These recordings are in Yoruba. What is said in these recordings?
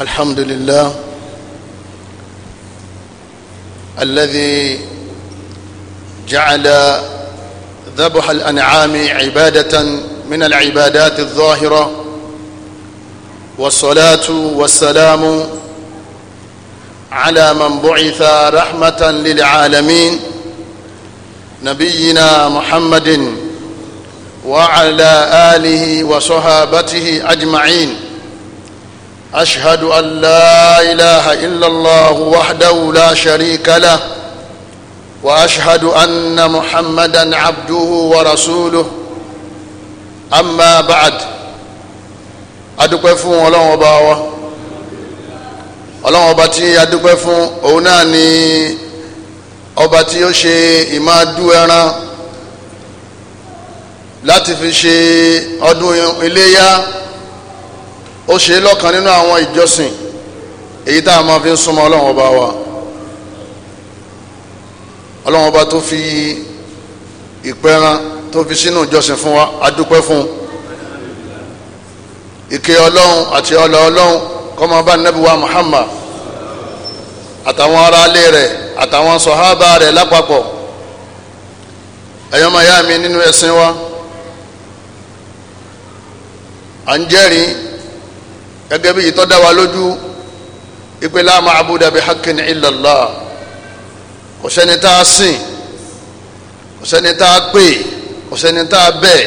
الحمد لله الذي جعل ذبح الأنعام عبادة من العبادات الظاهرة والصلاة والسلام على من بعث رحمة للعالمين نبينا محمد وعلى آله وصحابته أجمعين أشهد أن لا إله إلا الله وحده لا شريك له وأشهد أن محمدا عبده ورسوله أما بعد adúpẹ́ fún ọlọ́run ọba wa ọlọ́run ọba tí adúpẹ́ fún òun náà ni ọba tí ó ṣe ìmáàdú ẹran láti fi ṣe ọdún iléyá ó ṣe lọ́kan nínú àwọn ìjọsìn èyí tá a máa fi ń súnmọ́ ọlọ́run ọba wa ọlọ́run ọba tó fi ìpẹ́ran tó fi sínú ìjọsìn fún wa a dúpẹ́ fún un ìkẹ́ ọlọ́run àti ọlọ́ ọlọ́run kó máa bá nẹ́bí wa Muhammad àtàwọn aráalé rẹ̀ àtàwọn sọ̀hábà rẹ̀ lápapọ̀ ẹ̀yọ́mọ̀ ìyá mi nínú ẹ̀sìn wa à ń jẹ́rìí gẹ́gẹ́ bí ìtọ́ dá wa lójú ìpè la ma'buda bi haqqin illa Allah kò sẹ́ni tá a sìn kò sẹ́ni tá a pè kò sẹ́ni tá a bẹ̀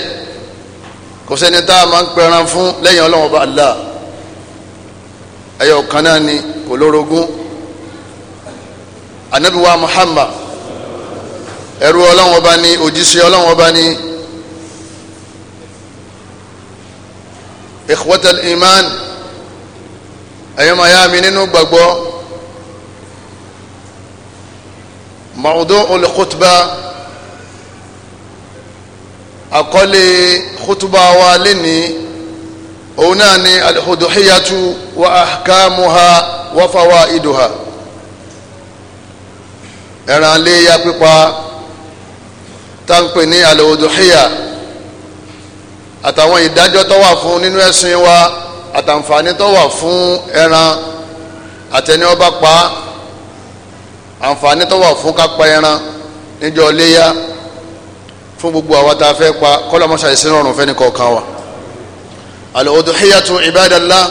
kò sẹ́ni tá a máa ń pẹran fún lẹ́yìn Ọlọ́run bá Allah ẹyọ kan náà ni kò lórogún anabi Muhammad ẹrú Ọlọ́run ọba ni òjíṣẹ́ Ọlọ́run ọba ni. إخوة الإيمان ẹ̀yọ́ máa yá mi nínú gbàgbọ́ mawdu'ul khutba àkọlé khutba wa lénìí òun náà ni al-udhiyatu wa ahkamuha wa fawaiduha ẹran léya pípa táǹpẹ̀ ní al àtàwọn ìdájọ́ tó wà fún nínú ẹ̀sìn wa. àtàǹfààní tó wà fún ẹran àtẹni ọba pa àǹfààní tó wà fún kápá ẹran níjọ́ léyà fún gbogbo àwa tá a fẹ́ pa kọ́lọ́mọṣà ìsinú fẹ́ni kọ̀ọ̀kan wa al-udhiyatu ibadallah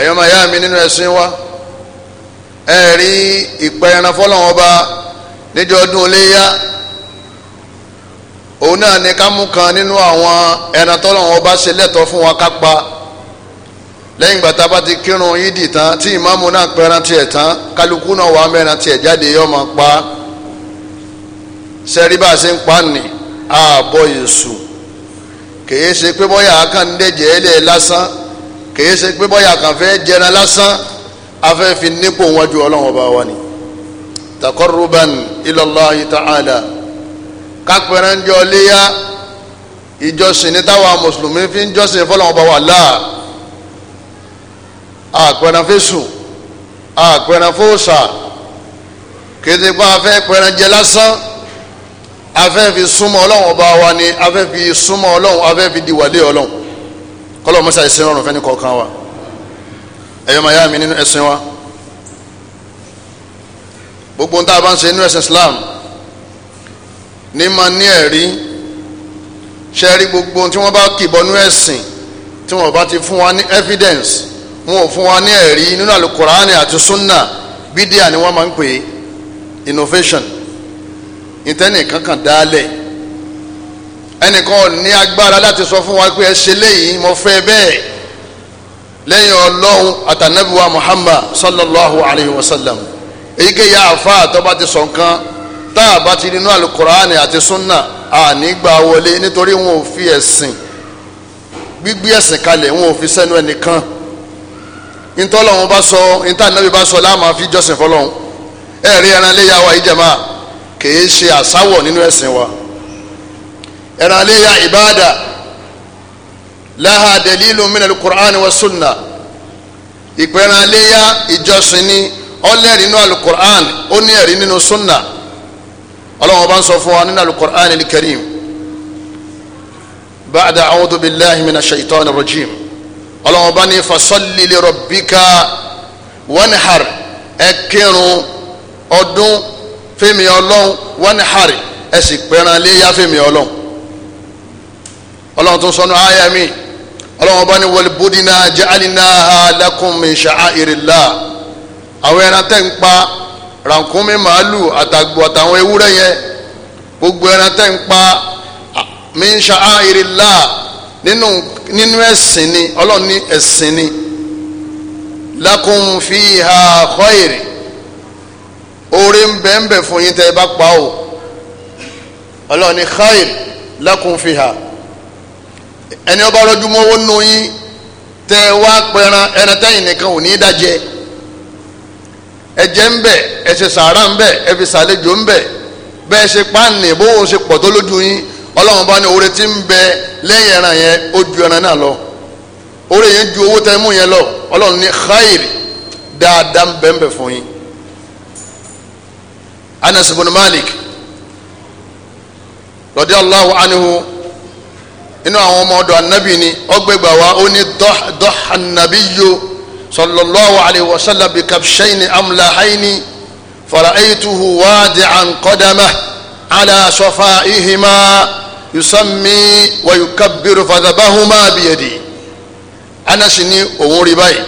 ẹ̀yọ́ máa yá mi nínú ẹ̀sìn wa ẹ rí ìpẹ́ ẹran fọ́lọ́wọ́n ọba níjọ́ ọdún léyà òun náà ni ká mú kan nínú àwọn ẹran tọ́lọ́wọ́n ọba ṣe lẹ́tọ̀ọ́ fún wa ká lẹ́yìn ìgbà tá a bá ti kírun yídì tán tí ìmáàmù náà pẹran tiẹ̀ tán kálukú náà wà mẹ́ran tiẹ̀ jáde yọ máa pa sẹ́rí bá a ṣe ń pa nì ààbọ̀ èṣù kèé ṣe pé bọ́yà akàndéjẹ́ ẹlẹ́ lásán kèé ṣe pé bọ́yà lásán afẹ́ fi nípò wájú ọlọ́run ọba wa ni takoruban kápẹ́rẹ́ ń fi ń jọsìn àpẹran fésù àpẹran fóòsà kété pa afẹ́ pẹran jẹ lásán afẹ́ fi súnmọ́ ọlọ́run ọba wa ni afẹ́ fi súnmọ́ ọlọ́run afẹ́ fi diwàlé ọlọ́run kọ́lọ́ mọ́sá ìsìn ọ̀run fẹ́ni kọ̀ọ̀kan wa ẹ̀yọ́ màá yá mi nínú ẹ̀sìn wa gbogbo ń tá a bá ń ṣe nínú ẹ̀sìn Islam ní ma ní ẹ̀rí ṣe rí gbogbo tí wọ́n bá kìbọnú ẹ̀sìn tí wọ́n bá ti fún wa ní evidence wọn ò fún wa ní ẹ̀rí nínú alukurani àti sunna bídíà ni wọ́n máa ń pè innovation ìtẹ́nì kankan dálẹ̀ ẹnìkan ní agbára láti sọ fún wa pé ẹ ṣe léyìí mo fẹ́ bẹ́ẹ̀ lẹ́yìn ọlọ́run àtànẹ́bùwà muhammad sallallahu alayhi wa sallam èyíkéyà àfa àtọ́ba ti sọ nǹkan tá a bá ti nínú alukurani àti sunna ànígbà wọlé nítorí wọn ò fi ẹ̀sìn gbígbé ẹ̀sìn kalẹ̀ wọn ò fi sẹ́nu ẹnìkan ntọ́lọ́hún bá sọ ntá nàbí bá sọ láàmú àfi jọ́sìn fọlọ́hún ẹ rí ẹran léyà wa ìjẹ̀mà kìí ṣe àsáwọ̀ nínú ẹ̀sìn wa ẹran léyà ìbáàdà láha dalilu min alukur'an wa sunna ìpẹ̀ran léyà ìjọsìn ni ọlẹ́rìí nínú alukur'an ó ní ẹ̀rí nínú sunna ọlọ́wọ́n bá ń sọ fún wa nínú alukur'an al-karim ba'da a'udhu billahi minash shaitani rajim ọlọ́run bá ní fasalli li rabbika wanhar ẹ kírun ọdún fẹ́mi ọlọ́run wanhar ẹ sì pẹran léyà fẹ́mi ọlọ́run ọlọ́run tó sọnù àyà mi ọlọ́run bá ní wal budina ja'alnaha lakum min sha'airillah àwọn ẹran tẹ́ ń pa rànkúnmí màálù àtàgbò àtàwọn ewúrẹ́ yẹn gbogbo ẹran tẹ́ ń pa min sha'airillah nínú nínú ẹ̀sìn ni ọlọ́run ní ẹ̀sìn ni lakum fiha khair oore ń bẹ ń bẹ fún yín tẹ́ ẹ bá pa o ọlọ́run ní khair lakum fiha ẹni ọba rọjú mọ́wọ́ nù yín tẹ́ ẹ wá pẹran ẹran tẹ́yìn nìkan ò ní í dájẹ́ ẹjẹ ń bẹ ẹsẹ sàárà ń bẹ ẹfi sàlejò ń bẹ bẹ́ẹ̀ ṣe pàǹnì bó o ṣe pọ̀ tó lójú yín ọlọ́run bá ní oore tí ń bẹ lẹ́yìn ẹran yẹn ó ju ẹran náà lọ oore yẹn ju owó tẹ́ mú yẹn lọ ọlọ́run ní xayiri dáadáa ń bẹ́ẹ̀ bẹ́ẹ̀ fún yín anas ibn malik rọdí allahu anhu inú àwọn ọmọ ọ̀dọ̀ anabi ni ọgbẹgbà wa ó ní dọ́hànàbíyo sallallahu alayhi wa sallam bi kabshaini amlahaini fara'aytuhu wadi'an qadama ala sofa yusami wa yukabiru fadabahuma biyadi anasi ni òun rí báyìí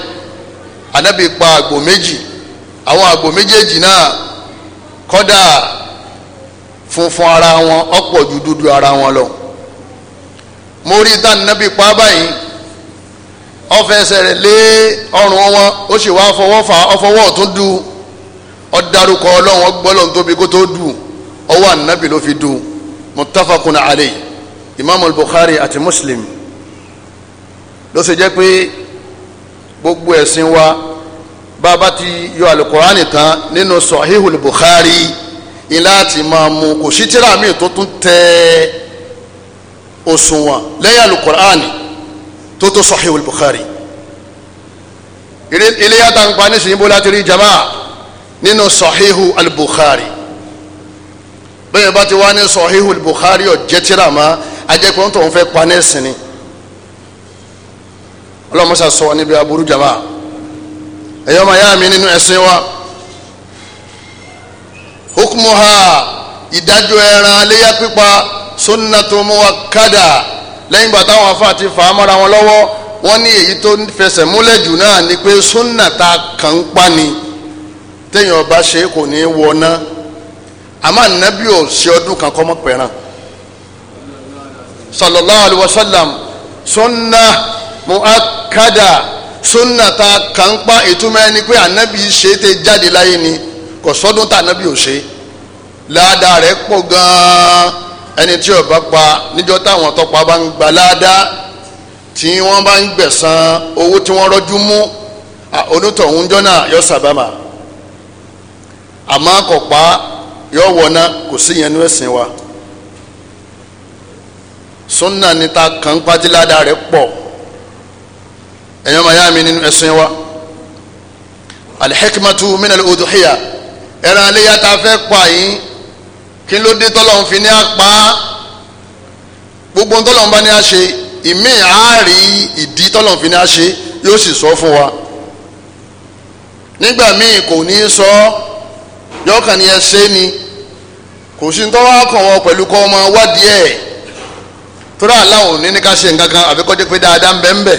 anabi pa àgbò méjì àwọn àgbò méjèèjì náà kọ́dà funfun ara wọn ọpọ ju dúdú ara wọn lọ mo rí tán anabi pa báyìí ọfẹsẹ̀ rẹ̀ lé ọrùn wọn ó sì wá fọwọ́ fà ọfọwọ́ ọ̀tún du ọ̀darúkọ ọlọ́run ọgbọ́lọ́run tóbi kó tó du ọwọ́ anabi ló fi du. muttafaqun alayhi imam al-bukhari àti muslim ló ṣe jẹ́ pé gbogbo ẹ̀sìn wa bàbá ti yọ alukurani tán nínú sọ̀híhùl bukhari ni láti máa mú kò sí tíra míì tó tún tẹ òṣùwọ̀n lẹ́yìn alukurani tó tó sọ̀híhùl bukhari ilé yàtà ń pa bó láti rí jama nínú sọ̀híhù bukhari bẹ́ẹ̀ bá ti wá ní Sahihul Bukhari ọ̀jẹ̀tìrà má ajẹ́pẹ́ ń tọ̀hún fẹ́ pa ní ẹ̀sìn ni ọlọ́mọṣà sọ níbi aburú jama ẹ̀yọ́ máa yá mi nínú ẹ̀sìn wa hukmuha ìdájọ́ ẹran aléyá pípa sunnatu muakkada lẹ́yìn gbà táwọn afa ti fà á mọ́ra wọn lọ́wọ́ wọ́n ní èyí tó fẹsẹ̀ múlẹ̀ jù náà ni pé sunna ta kàn ń pa ni téèyàn bá ṣe kò ní í wọ náà àmọ́ ànábì ò ṣe ọdún kan kọ́ mọ́ pẹ̀ràn sallallahu alayhi wa sallam sunna mu'akkada sunna ta kàńpá ìtumọ̀ ẹni pé ànábì ṣe é tẹ jáde láyé ni kò sọ́dún tá ànábì ò ṣe láàdá rẹ̀ pọ̀ gan-an ẹni tí ó bá pa níjọ́ táwọn tọpa bá ń gba láàdá tí wọ́n bá ń gbẹ̀san owó tí wọ́n rọ́jú mú onítọ̀hún jọ́nà yọ sábàmà àmọ́ kò pa yóò wọná kò sí yẹn ní ẹ̀sìn wa sunna ni ta kàn pátìládà rẹ̀ pọ̀ ẹ̀yọ́ máa yá mi nínú ẹ̀sìn wa alihikimatu minal uduhiya ẹran aléyà tá a fẹ́ pa yín kí ló dé tọ́lọ̀ ń fi ní apá gbogbo tọ́lọ̀ ń bá ní a ṣe ìmí àárí ìdí tọ́lọ̀ ń ní a ṣe yóò sì sọ fún wa nígbà míì kò ní í sọ yọkàn ni ni. So, kò sí tó kàn wọn pẹ̀lú kọ́ ọmọ wádìí ẹ̀ torí ní ní ká ṣe nǹkan kan àbí pé dáadáa ń bẹ ń bẹ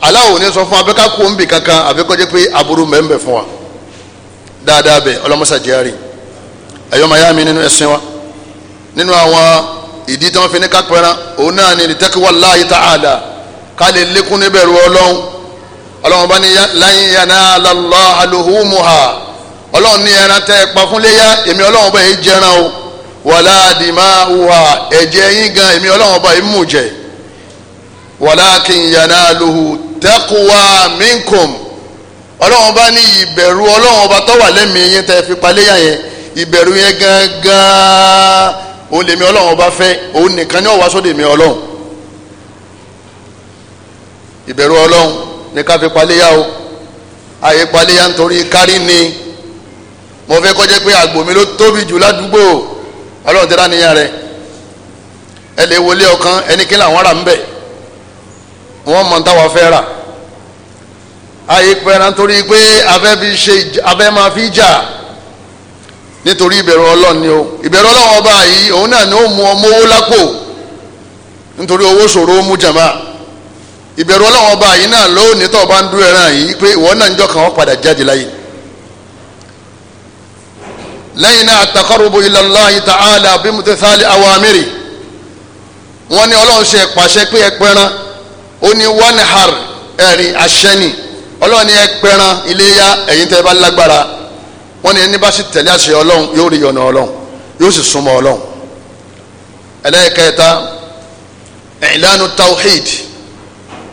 aláwo ní sọ fún kó ń bì kankan àbí pé aburú bẹ ń fún wa dáadáa ọlọ́mọṣà mi nínú ẹ̀sìn wa nínú ni ìtẹ́kíwá láàyè tá a dà ká lè lékún ọlọ́run ọlọ́run bá ní wàlá àdìmá wà ẹ̀jẹ̀ yín gan èmi ọlọ́run ọba yìí mú jẹ walakin yanaluhu taqwa minkum ọlọ́run ọba ní ìbẹ̀rù ọlọ́run ọba tó wà lẹ́mìí yín tẹ́ fi paléyà yẹn ìbẹ̀rù yẹn gangan òun lèmi ọlọ́run ọba fẹ́ òun nìkan ní ọ̀wá sóde mi ọlọ́run ìbẹ̀rù ọlọ́run ní ká fi paléyà o àyè paléyà nítorí kárí ni mo fẹ́ kó jẹ́ pé àgbò mi ló tóbi jù ládùúgbò ọlọ́run ti n'iya rẹ ẹ lè wọlé ọkàn ẹni kí làwọn rà ń bẹ̀ wọ́n mọ̀ táwọn fẹ́ rà ayé pẹ́ran torí pé abẹ́ fi ṣe abẹ́ máa fi jà nítorí ìbẹ̀rù o ìbẹ̀rù ọba yìí òun náà ni ó mú ọmọ owó lápò nítorí owó ṣòro ó mú jàmbá ọba yìí náà o bá ń dúró ẹran yìí pé ìwọ náà ń jáde láyé lẹ́yìn náà àtàkọ́rùbù ila Allahi ta'ala bí mutithali awamiri wọ́n ní ọlọ́run ṣe pàṣẹ pé ẹpẹran ó ní wanhar ẹ̀rìn àṣẹni ọlọ́run ní ẹpẹran iléyà ẹ̀yin tẹ́ bá lágbára wọ́n ní ẹni bá sì tẹ̀lé àṣẹ ọlọ́run yóò rí ọ̀nà ọlọ́run yóò sì súnmọ́ ọlọ́run ẹlẹ́ẹ̀kẹta ìlànà tawhid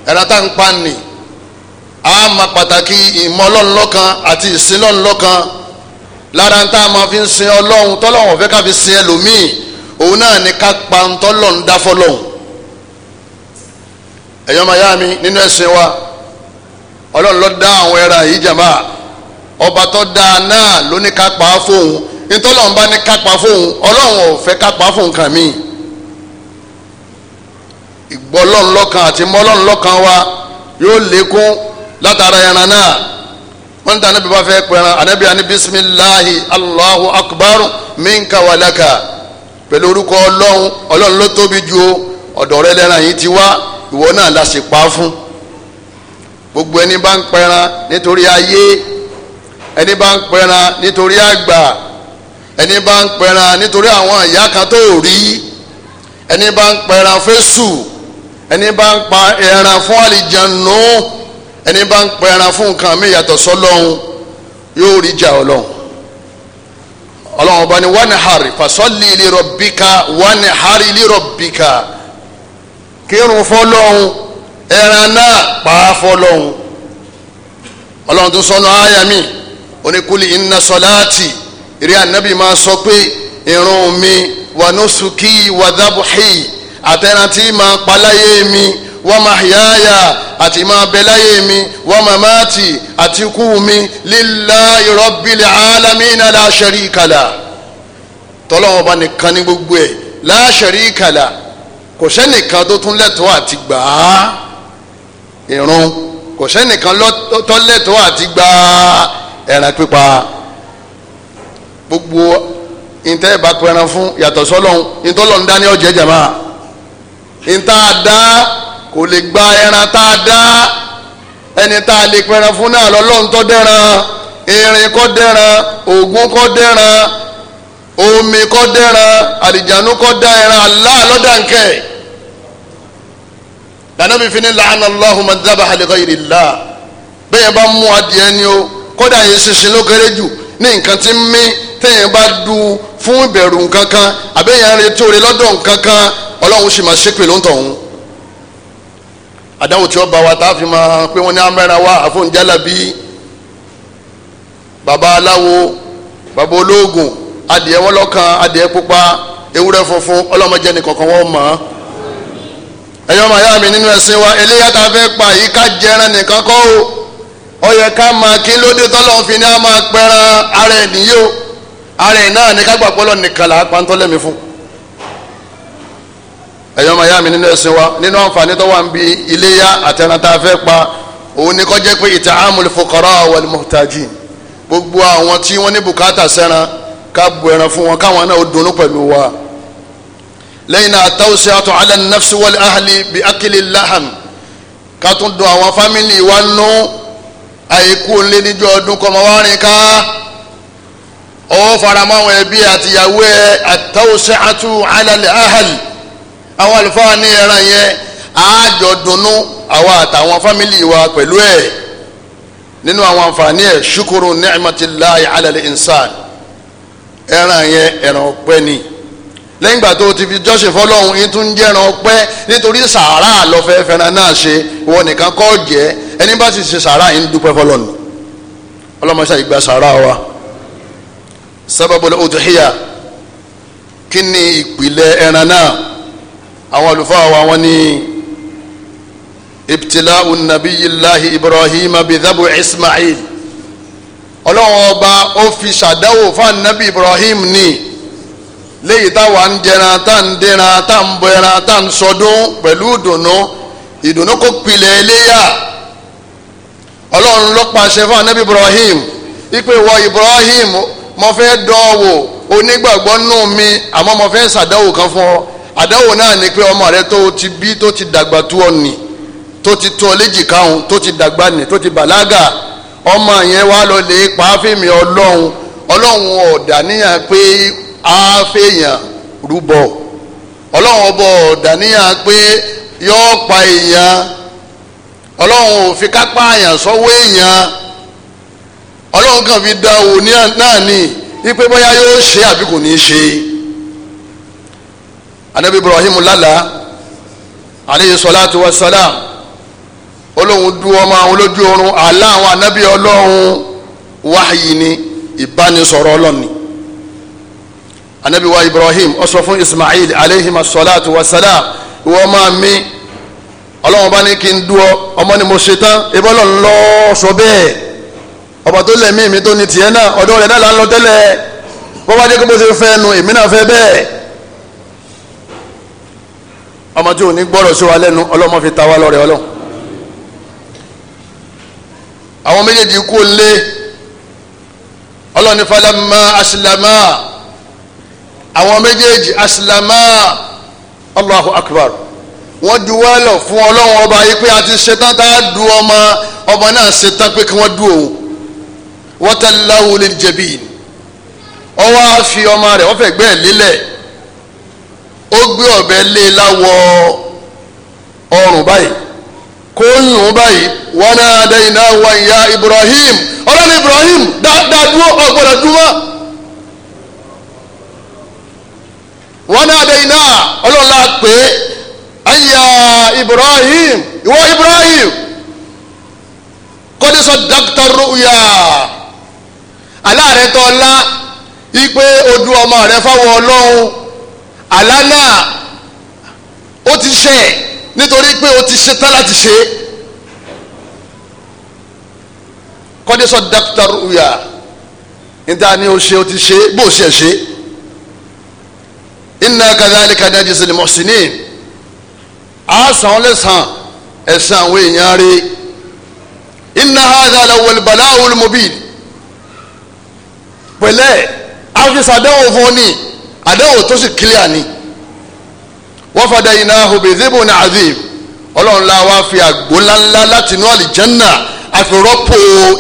ẹ̀rọ tá n pa ni a pàtàkì ìmọ̀ ọlọ́run lọ́kan àti ìsìn ọlọ́run lára ń tá a máa fi ń sin ọlọ́run tọ́lọ́run fẹ́ ká fi sin ẹlòmíì òun náà ní ká pa ń tọ́lọ́run dá fọlọ́run ẹ̀yọ́ máa yá mi nínú ẹ̀sìn wa ọlọ́run ló dá àwọn ẹran yìí jàmbá ọba tó dáa náà ló ní ká pa á fóun nítọ́lọ́run bá ní ká pa fóun ọlọ́run ò ká pa fóun kàn míì ìgbọ́ ọlọ́run lọ́kàn àti mọ́ ọlọ́run lọ́kàn wa yóò lékún látara ẹran náà wọ́n tàn níbi bá fẹ́ pẹ̀ràn ànábì àní bisimilahi allahu akbar minka walaka pẹ̀lú orúkọ ọlọ́run ọlọ́run ló tóbi ju ọ̀dọ̀ rẹ lẹ́ran yìí ti wá ìwọ náà la ṣe pa fún gbogbo ẹni bá ń pẹ̀ràn nítorí ayé ẹni bá ń pẹ̀ràn nítorí àgbà ẹni bá ń pẹ̀ràn nítorí àwọn ìyá kan tó rí ẹni bá ń pẹ̀ràn fésù ẹni bá ń pa ẹran fún àlìjànú. No ẹni bá ń pẹran fún nǹkan mi yàtọ̀ sọ́lọ́hún yóò rí jà ọlọ́hún ọlọ́hún ọba ni wọ́n hari fasọ́lì li rabbika wọ́n hari li rabbika kírun fọ́lọ́hún ẹran náà pàá fọ́lọ́hún ọlọ́hún tó sọnù àyà mi oníkúlì inna sọláàtì ìrí ànábì máa sọ pé irun mi wà nusuki wà dábùhì àtẹ̀rántí máa paláyé mi wa mahyaya àti máa bẹ láyé mi wa mamati àti kú mi lillahi rabbil alamina la sharika la tọ́lọ́wọ́n bá nìkan ní gbogbo ẹ̀ la sharika la kò sẹ́nìkan tó tún lẹ́tọ̀ọ́ àti gbà á ìrun kò sẹ́nìkan tó lẹ́tọ̀ọ́ àti gbà á ẹran pípa gbogbo ntẹ́ ìbá pẹran fún yàtọ̀ sọ́lọ́hún ntọ́lọ́hún dání ọ̀jẹ̀ jàmá ntá dá kò lè gba ẹran tá a dá ẹni tá a lè pẹran fún náà lọ́lọ́run tó dẹ́ran irin kọ́ dẹ́ran ògún kọ́ dẹ́ran omi kọ́ dẹ́ran àlìjánu kọ́ dá ẹran Allah lọ́dà nkẹ́ lànàbí fi ni làánà Allahu man dhabaha li ghayri Allah bẹ́ẹ̀ bá mú adìẹ ni o kódà yẹn ṣinṣin ló kéré jù ní nǹkan tí ń mí téèyàn bá du fún ìbẹ̀rù nǹkan àbẹ́yẹn retí oore lọ́dọ̀ nǹkan ọlọ́run sì máa ṣépè lóńtọ̀ ọ̀hún àdáwò tí ó bá wa tá a fi máa pé wọ́n ní amẹ́ra wa àfọ̀njálàbí baba aláwo baba olóògùn adìẹ wọn lọ́kàn adìẹ pupa ewúrẹ́ funfun ọlọ́mọdé ní kọ̀ọ̀kan wọ́n mọ̀ ọ́ ẹ̀yọ́ màá yá mi nínú ẹ̀sìn wa eléyà tá a fẹ́ pa yìí ká jẹran nìkan kọ́ o ó ká máa kí lóde tọ́lọ́ fi ní a máa pẹran ara ẹ̀ nìyí o ara ẹ̀ náà ní ká gbàgbọ́ lọ nìkan là á pa ń tọ́lẹ́mi fún un ẹ̀yọ́ máa yá mi nínú ẹ̀sìn wa nínú àǹfààní tó wà ń bi iléyà àtẹran tá a fẹ́ pa òun ni kọjá pé ita'amul fuqara wal muhtajin gbogbo àwọn tí wọ́n ní bùkátà sẹ́ran ká bu ẹran fún wọn káwọn náà ó dunnú pẹ̀lú wa lẹ́yìn náà tawsi'atu ala an-nafs wal ahli bi akli al ká tún dun àwọn fámìlì wa nù àìkú ńlẹ́ níjọ́ ọdún kọ́mọ wá rìn ká ó faramọ́ àwọn ẹbí àtìyàwó ẹ̀ at-tawsi'atu ala al àwọn àlùfáà ní ẹran yẹn àájọ dunnú àwa àtàwọn fámìlì wa pẹ̀lú ẹ̀ nínú àwọn àǹfààní ẹ̀ ṣukuru ni'matillahi ala al-insan ẹran yẹn ẹran ọpẹ́ ni lẹ́yìn ìgbà tó o ti fi jọ́sìn fọlọ́hún yín tún jẹ́ ẹran ọpẹ́ nítorí sàárà lọ́fẹ́ fẹ́ràn náà ṣe wọn nìkan kọ́ jẹ́ ẹni bá sì ṣe sàárà yín dúpẹ́ fọlọ́hún ọlọ́mọṣẹ́ ìgbà sàárà wa sábàbọ̀lẹ̀ òtún híyà kí ni ìpìlẹ̀ ẹran náà àwọn àlùfáà wa wọ́n ní ibtila'u nabiyillahi ibrahim bidhabu ismail ọlọ́wọ́n ọba ó fi ṣàdáwò fún anabi ibrahim ní léyìí táwa ń jẹran tá ń dẹran tá ń bẹran tá ń sọdún pẹ̀lú ìdùnnú ìdùnnú kò pilẹ̀ eléyà ọlọ́run ló fún anabi ibrahim ipe wọ ibrahim mo fẹ́ dán onígbàgbọ́ nù mi àmọ́ mo fẹ́ ṣàdáwò kan fún ọ àdáwò náà ni pé ọmọ rẹ tó ti bí tó ti dàgbà tó ọ nì tó ti tó léjì káwọn tó ti dàgbà nì tó ti bàlágà ọmọ yẹn wá lọ lè pa fíìmì ọlọ́run ọlọ́run ọ̀dàníyàn pé àáfẹ̀yàn rúbọ ọlọ́run ọbọ̀ ọ̀dàníyàn pé yọ́ọ́ pa èèyàn ọlọ́run ò kápá àyàn sọ́wọ́ èèyàn ọlọ́run kàn fi dá òun náà ní wípé bóyá yóò ṣe àbí kò ní í ṣe anabi ibrahim lala aleyhi salatu wa salam olóhùn du ọmọ àwọn olójú oorun àlá àwọn anabi ọlọ́run wáyé ni ìbánisọ̀rọ̀ ọlọ́ni anabi wa ibrahim ó sọ fún ismail aleyhi salatu wa salam ìwọ máa mi ọlọ́run bá ní kí n du ọ ọmọ ni mo ṣe tán ebi ọlọ́run lọ sọ bẹ́ẹ̀ ọba tó lẹ̀ mí mi tó ní tiẹ̀ náà ọ̀dọ́ rẹ̀ náà là ń lọ tẹ́lẹ̀ bọ́bá dé kó bó ṣe fẹ́ nu èmi náà fẹ́ bẹ́ẹ̀ ọmọ tí ò ní gbọ́rọ̀ sí wa lẹ́nu ọlọ́mọ fi ta wá lọ́rẹ̀ ọlọ́run àwọn méjèèjì kú lé ọlọ́ni falama asilama àwọn méjèèjì asilama allahu akbar wọ́n duwálọ̀ fún ọlọ́run ọba yìí pé a ti ṣetán tá a du ọmọ ọmọ náà ṣetán pé kí wọ́n du òun wọ́n tẹ̀ láwùlẹ̀ jẹ̀bi ọwọ́ àfi ọmọ rẹ̀ wọ́n fẹ́ gbẹ́ ẹ̀ ó gbé ọ̀bẹ lé e láwọ ọrùn báyìí kó yùn báyìí wọn náà dẹ́yìn náà wà ìyá Ibrahim ọlọ́ni Ibrahim dáadáa dúró ọgbọ́dọ̀ dúró wọn náà dẹ́yìn náà ọlọ́la pé ayà Ibrahim ìwọ Ibrahim kọ́dé sọ dókítà rúùyà aláàrẹ tọ́lá ipe ojú ọmọ rẹ fáwọn ọlọ́run àlá náà ó ti ṣe ẹ̀ nítorí pé ó ti ṣe tán láti ṣe é kọ́dẹ́sọ dákítà rúyà níta ni ó ṣe ó ti ṣe é bó ṣe ṣe inna kadhalika najzil muhsinin á san ó lè san àwọn èèyàn rí inna hadha lawal bala'ul pẹ̀lẹ́ àfisàdéhùn fún ni àdéhùn tó sì kílíà ni wọ́n fada iná obìnrin ní azim ọlọ́run la wá fi àgbo ńláńlá láti inú àlìjánná àfirọ́pò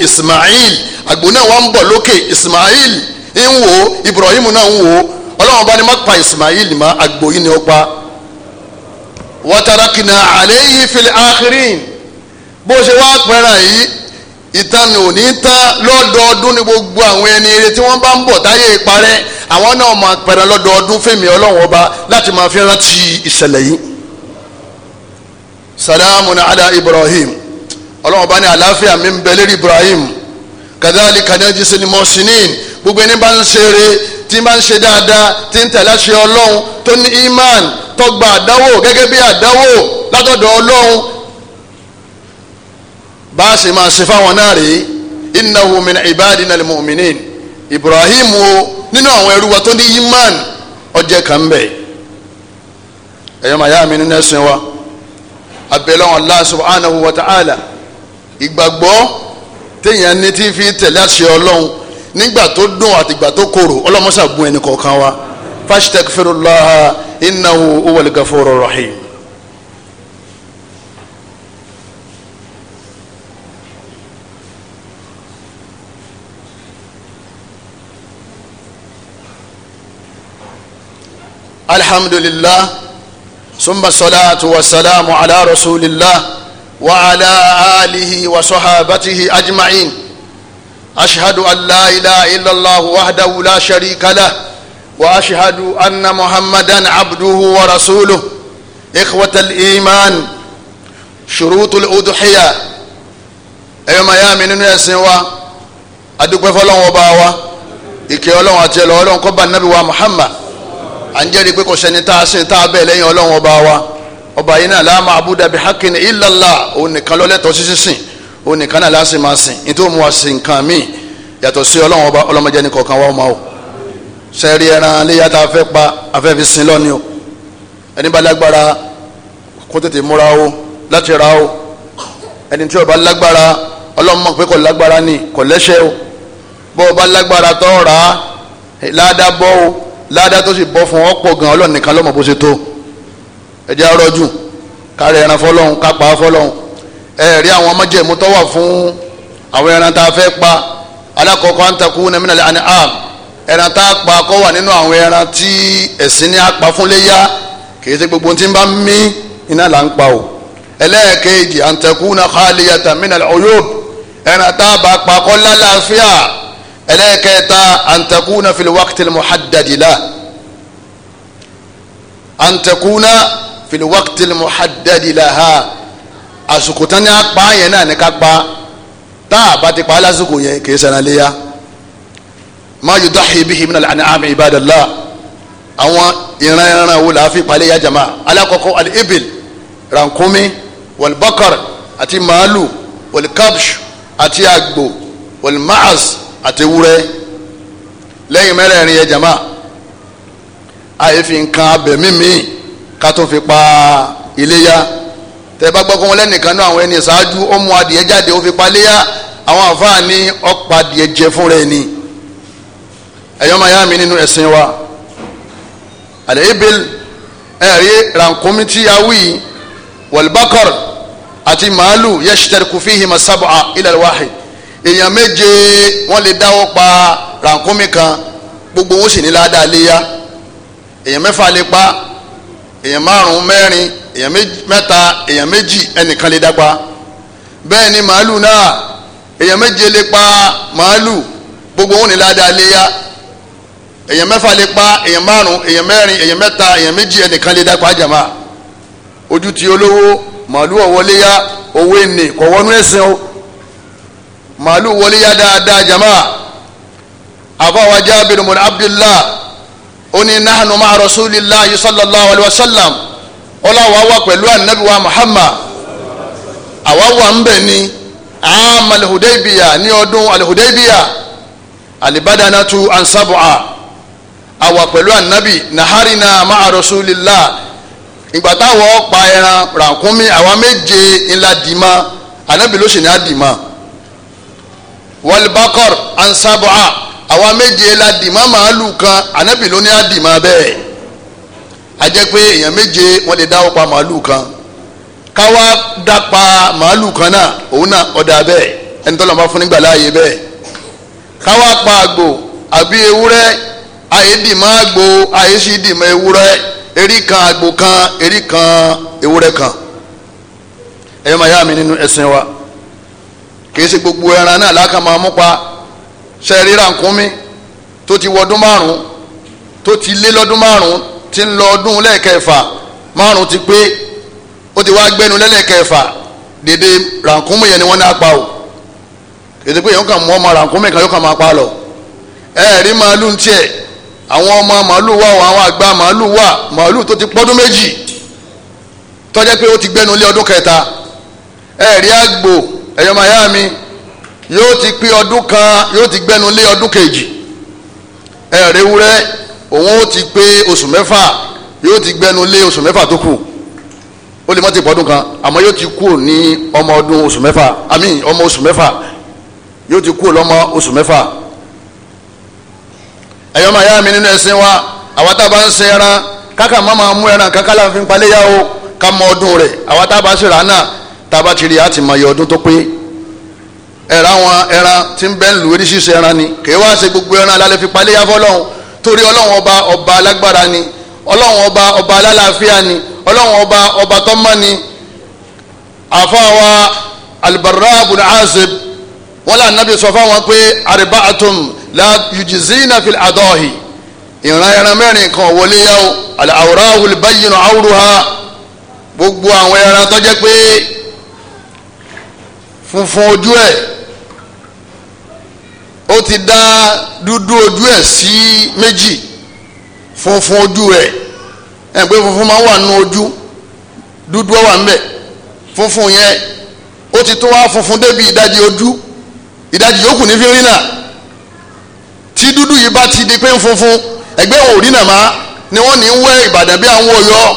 ismail àgbo náà wọ́n ń bọ̀ lókè ismail ń wò ibrahim náà ń wò ọlọ́run bá ní má pa ismail má àgbo yìí ni ó pa watarakina alayhi fil akhirin bó ṣe wá pẹ́ràn yìí ìtàn ò ní tán lọ́dọọdún ní gbogbo àwọn ẹni eré tí wọ́n bá ń bọ̀ táyé ìparẹ́ àwọn náà máa pẹ̀rẹ̀ lọ́dọọdún fèmí ọlọ́run ọba láti máa fi rántí ìṣẹ̀lẹ̀ yìí. salamu ala ibrahim ọlọ́run ọba ní àlàáfíà mi ń bẹ lérí ibrahim kadali kanadi sinimọ sinin gbogbo ẹni bá ń ṣeré tí bá ń ṣe dáadáa tí ń tẹ̀lé ṣe ọlọ́run tó ní iman tó gba àdánwò gẹ́gẹ́ bí àdánwò látọ̀dọ̀ ọlọ́run bá a sì máa ṣe fáwọn náà rèé innahu min ibadina al-mu'minin ibrahim o nínú àwọn ẹrú wa tó ní imán ọjẹ́ kan bẹ̀ ẹ̀yọ́ màyá mi nínú ẹ̀sìn wa abẹ́lẹ́ Allah subhanahu wa ta'ala ìgbàgbọ́ téèyàn ní tí fi tẹ̀lé àṣẹ ọlọ́run nígbà tó dùn àtìgbà tó korò ọlọ́mọ́sàgbọ́n ẹnì kọ̀ọ̀kan wa fashtakfirullaha innahu huwal ghafurur rahim. alhamdulillah sumba salatu wa salamu ala rasulillah wa ala alihi wa sahabatihi ajma'in ashhadu an la ilaha illallah wahdahu la sharika lah wa ashhadu anna muhammadan abduhu wa rasuluh ikhwat al-iman shurutul udhiya ẹ̀yọ́ mayami nínú ẹ̀sìn wa ọba wa ìkẹ́ ọlọ́wọ́n àti ẹ̀lọ́ ọlọ́wọ́n kọ́ bá wa muhammad à ń jẹ́rìí pé kò sẹ́ni tá a sìn tá a bẹ̀ lẹ́yìn ọlọ́run ọba wa ọba yìí náà la ma'buda bihaqqin illa Allah òun nìkan lọ́lẹ́tọ̀ sísí sìn òun nìkan náà láti máa sìn ní tó mú wa sìn nǹkan míì yàtọ̀ sí ọlọ́run ọba ọlọ́mọdé ní kọ̀ọ̀kan wa ọmọ o sẹ́ẹ̀rí ẹran aléyá tá a fẹ́ pa a fẹ́ fi sin lọ́ni o ẹni bá lágbára kó tètè múra o láti ra o ẹni tí ó lágbára ọlọ́run pé kò ládàá tó sì bọ́ fún ọ pọ̀ gan ọlọ́run nìkan lọ́mọ bó ṣe tó ẹ̀jẹ̀ arọ́jú kárẹ̀ ẹran fọlọ́run kápá fọlọ́run ẹ rí àwọn májẹ̀mú tó wà fún àwọn ẹran tá a fẹ́ pa alákọ̀ọ́kọ́ àǹtakùn nàmínà lẹ́hàn àm ẹran tá a pa kọ́ wà nínú àwọn ẹran tí ẹ̀sìn ní apá fún léyà kì í ṣe gbogbo tí ń bá mí iná là ń pa o ẹlẹ́ẹ̀kejì àǹtakùn nàkàlẹ́yàtà mínà ọ̀yọ́ ẹran tá a bá pa kọ́ lálàáfíà ẹlẹ́ẹ̀kẹta antakuna fil waqtil muhaddadila antakuna fil waqtil muhaddadila ha àsìkò tán ní apá yẹn náà ní ká pa tá a bá ti pa lásìkò yẹn kì í sẹ́nà léyà ma yudahi bihi min al-an'am ibadallah àwọn ìran ìran wo la fi palẹ̀ ya jama alakoko al-ibil rankumi walbakar àti màálù walkabsh àti àgbò walmaaz àti ewúrẹ́ lẹ́yìn mẹ́rẹ̀ẹ̀rin yẹn jama àyèfi nǹkan abẹ̀mí mi ká tó fi pa iléyà tẹ bá gbọ́ kó wọn lẹ́nìkan náà àwọn ẹni ṣáájú ó mú adìẹ jáde ó fi pa iléyà àwọn àfáà ní ọ̀pá adìẹ jẹ fúnra ẹni ẹ̀yọ́ máa yá mi nínú ẹ̀sìn wa àlẹ́ ibil ẹ̀rí rànkómi tí a àti màálù yẹ́sítẹ́rì kò hìmà sábà ilẹ̀ wáhìd èèyàn méje wọ́n lè dáwọ́ pa ràkúnmí kan gbogbo wọn sì ní ládàá léyà èèyàn mẹ́fà lè pa èèyàn márùn-ún mẹ́rin èèyàn mẹ́ta èèyàn méjì ẹnìkan lè dápa bẹ́ẹ̀ ni màálù náà èèyàn méje lè pa màálù gbogbo wọn ní ládàá léyà èèyàn mẹ́fà lè pa èèyàn márùn-ún èèyàn mẹ́rin èèyàn mẹ́ta èèyàn méjì ẹnìkan lè dápa jàmá ojú ti olówó màálù ọ̀wọ́ léyà owó ènì kọ̀wọ́nú ẹ̀sìn o màálù wọlé yá dáadáa jama àbáwá jábìrì mọ̀nà abdullah oní nahanu ma'a rasulillahi sallallahu alayhi wa sallam ọlọ́wọ́ wa pẹ̀lú anabi wa muhammad àwa wà ń bẹ̀ ni aam alihudaibiya ní ọdún alihudaibiya alibadanatu ansabu'a àwa pẹ̀lú anabi naharina ma'a rasulillah ìgbà táwọn pa ẹran rànkúnmí àwa méje ńlá dìímà anabi ló sì ní àdìímà walbakor ansabu'a àwa méje la dìmọ́ màálù kan ànábì ló ní àdìmọ́ bẹ́ẹ̀ a jẹ́ pé èèyàn méje wọ́n lè dáwọ́ pa màálù kan káwa dápa màálù kan náà òun náà ọ̀dà bẹ́ẹ̀ ẹni tó lọ́n bá fún nígbà láàyè bẹ́ẹ̀ káwa pa àgbò àbí ewúrẹ́ àyè dìmọ́ àgbò àyè sì dìmọ́ ewúrẹ́ erí kan àgbò kan erí kan ewúrẹ́ kan ẹ̀yọ́ màá yá mi nínú ẹ̀sìn wa kìí ṣe gbogbo ẹran náà lákàn máa mú pa ṣe ríra nkúnmi tó ti wọdún márùn tó ti lé lọ́dún márùn ti ń lọ ọdún lẹ́ẹ̀kẹfà márùn ti pé ó ti wá gbẹnu lẹ́lẹ́kẹfà dèdè rànkúnmi yẹn ni wọ́n náà pa o ètò pé yẹn kàn mú ọmọ rànkúnmi kan yóò kàn máa pa lọ ẹ̀ẹ́rì màálù ń tiẹ̀ àwọn ọmọ màálù wà àwọn àgbà màálù wà màálù tó ti pọ́dún méjì tọ́jẹ́ pé ó ti gbẹ́nu lé ọdún kẹta ẹ̀ẹ́rì àgbò ẹ̀yọ́ màyá mi yóò ti pé ọdún kan yóò ti gbẹ́nu lé ọdún kejì ẹ̀rẹ̀ wúrẹ́ òun ó ti pé oṣù mẹ́fà yóò ti gbẹ́nu lé oṣù mẹ́fà tó kù ó lè má ti pọ̀dún kan àmọ́ yóò ti kúrò ní ọmọ ọdún oṣù mẹ́fà àmì ọmọ oṣù mẹ́fà yóò ti kúrò lọ́mọ oṣù mẹ́fà ẹ̀yọ́ màyá nínú ẹ̀sìn wa àwa tá a bá ń sin ẹran káka má máa mú ẹran kákàlà fi ń palẹ́yà o ká mọ ọdún rẹ̀ àwa tá a bá sì rà náà tába ti rí àti mọ̀yẹ ọdún tó pé ẹ̀rá wọn ẹran tí ń bẹ́ ń lu oríṣiríṣi ẹran ni kì í wá ṣe gbogbo ẹran alálẹ́ fi palẹ́ yáfọ́ lọ́hùn torí ọlọ́run ọba ọba alágbára ni ọlọ́run ọba ọba alálàáfíà ni ọlọ́run ọba ọba tọ́mọ́ ni àfọwọ́ alibarra abuna azib wọ́n lànà bí sọ fáwọn pé arba'atum la yujizina fil adọ́hì ìran ẹran mẹ́rin kan wọlé yá o àwòrán ahùlùbáyìí nù àwùrù ha gbogbo àwọn ẹran tó pé funfun ojú ẹ̀ ó ti dá dúdú ojú ẹ̀ sí méjì funfun ojú ẹ̀ ẹ̀ pé funfun máa wà nínú ojú dúdú wà ń bẹ̀ funfun yẹn ó ti tún wá funfun débi ìdajì ojú ìdajì yòókù ní fi rí náà tí dúdú yìí bá ti di pé ń funfun ẹgbẹ́ wọn ò rí nàmá ni wọ́n ní ń wẹ́ ìbàdàn bí àwọn ọ̀yọ́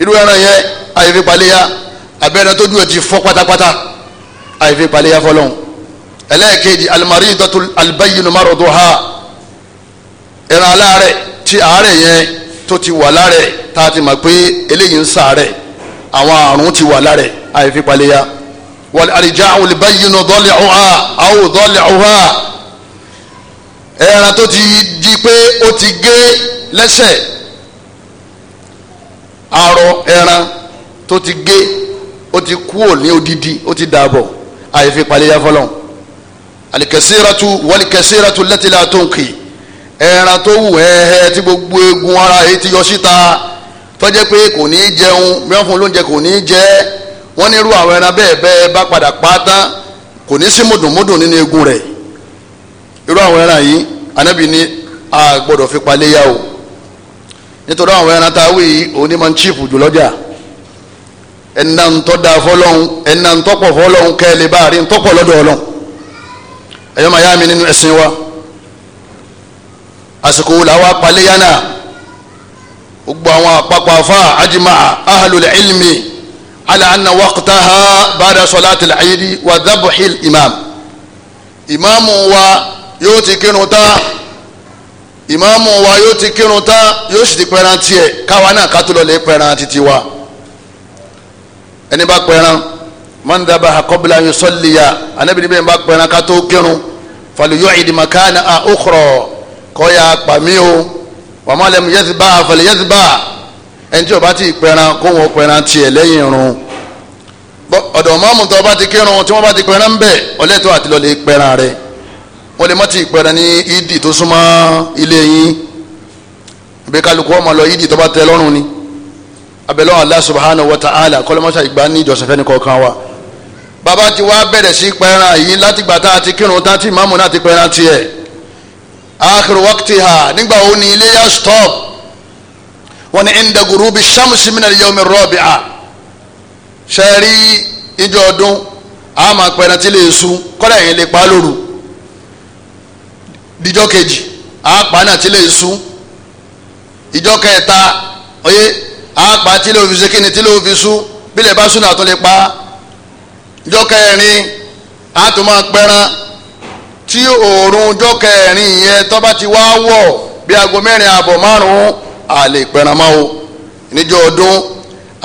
irú ẹran yẹn àyèfipàlẹ́yà abẹ́rẹ́ tó dúró ti fọ́ pátápátá àìfi paléyà fọlọ́n ẹlẹ́ẹ̀kejì alimari dọ́tul alibayinu marodo ha ẹran aláàárẹ̀ tí àárẹ̀ yẹn tó ti wà láàárẹ̀ tá a ti mọ̀ pé eléyìí ń ṣàárẹ̀ àwọn àrùn ti wà láàárẹ̀ àìfi paléyà wàlẹ̀ àlìjá alibayinu dọ́lẹ̀ ọ̀hà àwò dọ́lẹ̀ ọ̀hà ẹran tó ti di pé ó ti gé lẹ́sẹ̀ arọ ẹran tó ti gé ó ti kúò ní odidi ó ti dààbọ̀ àyèfi paléyà fọlọ́n alikẹsiratu walikẹsiratu lẹtìlá tó ń kì ẹran tó wù hẹ́hẹ́ tí gbogbo egun ara yìí ti yọ síta tọ́jẹ́ pé kò ní í jẹun mìíràn fún lóúnjẹ kò ní í jẹ wọ́n ní irú àwọn ẹran bẹ́ẹ̀ bẹ́ẹ̀ bá padà pátá kò ní sí mùdùnmùdùn nínú egun rẹ̀ irú àwọn ẹran yìí anábì ní a gbọ́dọ̀ fi paléyà o nítorí àwọn ẹran tá a wí yìí ń chíìpù jù Ja ẹ̀nà ńtọ́ da fọlọ́hún ẹ̀nà ńtọ́ pọ̀ fọlọ́hún kẹ́lẹ́ bá rí ńtọ́ pọ̀ lọ́dọ̀ ọlọ́hún ẹ̀yọ́ màá yá mi nínú ẹ̀sìn wa àsìkò wò làwọn apalẹ́yà náà gbogbo àwọn àpapọ̀ afa ajima ahalul ilmi ala anna waqtaha bada solatil ayidi wa dabuhil imam imaamu wa yóò ti kírun tán ìmáàmù wa yóò ti kírun tán yóò sì ti pẹran káwa náà ká lọ lè pẹran wa ẹni bá pẹran mọ́ndàbà àkọ́bílà yóò sọ́lìyà anábìrin bẹ́ẹ̀ bá pẹran ká tó kírun fàlùyọ́ ìdìmọ̀kánà à ókùrọ̀ kọ́yà pàmí o wàmọ́lẹ́mu yẹ́sibá fàlùyẹ́sibá ẹni tí o bá ti pẹran kó wọn pẹran tiẹ̀ lẹ́yìn irun ọ̀dọ̀ mọ́mù tó bá ti kírun tí wọ́n bá ti pẹran bẹ́ẹ̀ ọlẹ́tọ̀ àti lọ́lẹ̀ pẹran rẹ̀ wọ́n lè má ti pẹran ní ìdì tó súnmọ́ ilé yín ìbí ọmọ lọ ìdì tó bá tẹ́ lọ́rùn ni abẹ́lẹ́ Allah subhanahu wa ta'ala kọ́lọ́mọ́sá ìgbà ní ìjọsìn fẹ́ni kọ̀ọ̀kan wa bàbá ti wá bẹ̀rẹ̀ sí pẹ́ran yìí láti gbà tá a ti kírun tán tí ìmáàmù náà ti pẹ́ran tiẹ̀ akhiru waqtiha nígbà wo ni ilé yà stop wọn ni inda gurubi shamsi minal yawmi rabi'a sẹ́ẹ̀rí ìjọ ọdún a máa pẹ́ran tí lè sun kọ́lá yẹn lè pa lóru díjọ́ kejì a pa náà tí lè sun ìjọ kẹta ọyẹ́ a pa tí ló fi ṣe kíni tí ló fi sú bílẹ̀ bá súnà tó lè pa jọ́ kẹrin a tún máa pẹran tí òòrùn jọ́ kẹrin yẹn tó bá ti wá wọ̀ bí aago mẹ́rin ààbọ̀ márùn-ún a lè pẹran mọ́ o níjọ́ ọdún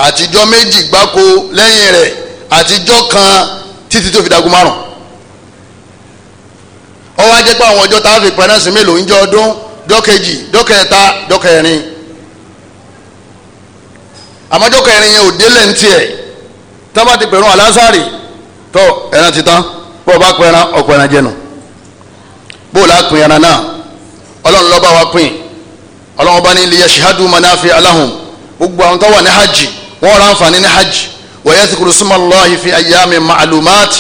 àtijọ́ méjì gbáko lẹ́yìn rẹ̀ àtijọ́ kan títí tó fi dago márùn ó wá jẹ́ àwọn ọjọ́ tá a fi pẹran sí mélòó ń ọdún jọ́ kejì jọ́ kẹta jọ́ kẹrin àmọ́jọ́ kẹrin yẹn ò délẹ̀ ní tiẹ̀ tábà ti pẹ̀rún alásàrì tọ́ ẹran ti tán bó o bá pẹran ọ̀pọ̀ ẹran jẹnu bó o lá pin ẹran náà ọlọ́run lọ́ba wa pin ọlọ́run bá ní ilé yashihadu manafi alahum gbogbo àwọn tó wà ní hajj wọ́n ra àǹfààní ní hajj wa yadhkuru smallahi fi ayyami ma'lumat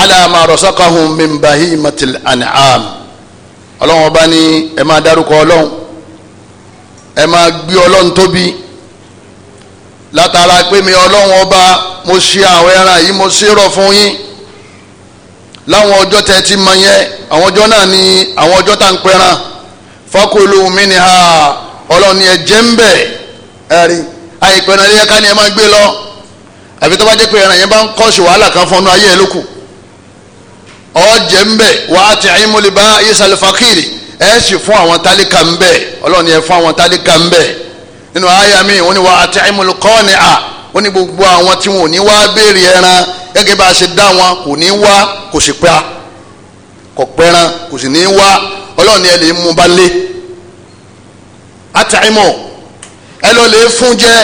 ala ma razaqahum min an'am ọlọ́run bá ní ẹ máa dárúkọ ọlọ́run ẹ máa gbé ọlọ́run tóbi. látara pé mi ọlọ́run ọba mo ṣe àwọn ẹran yìí mo ṣe rọ̀ fún yín láwọn ọjọ́ tẹ ti mọ àwọn ọjọ́ náà ni àwọn ọjọ́ tá ń pẹran fakulu ha ọlọ́run ni ẹ jẹ ń bẹ̀ ẹ̀rí àìpẹ̀rẹ̀ ẹ̀rí ni ẹ máa gbé lọ àfi tó bá jẹ́ pé ẹran yẹn bá ń kọ́ṣù wàhálà kan ayé ẹ ọ wà á ti bá nínú àyà mi wọ́n ní wà á ti àìmọ̀lù kọ́ọ̀nì à wọ́n ní gbogbo àwọn tí wọn ò ní wá béèrè ẹran gẹ́gẹ́ bá a ṣe dá wọn kò ní wá kò sì pa kò pẹ́ran kò sì ní wá ọlọ́ọ̀ni ẹ lè mú bá lé àtàìmọ̀ ẹ lọ lè fún jẹ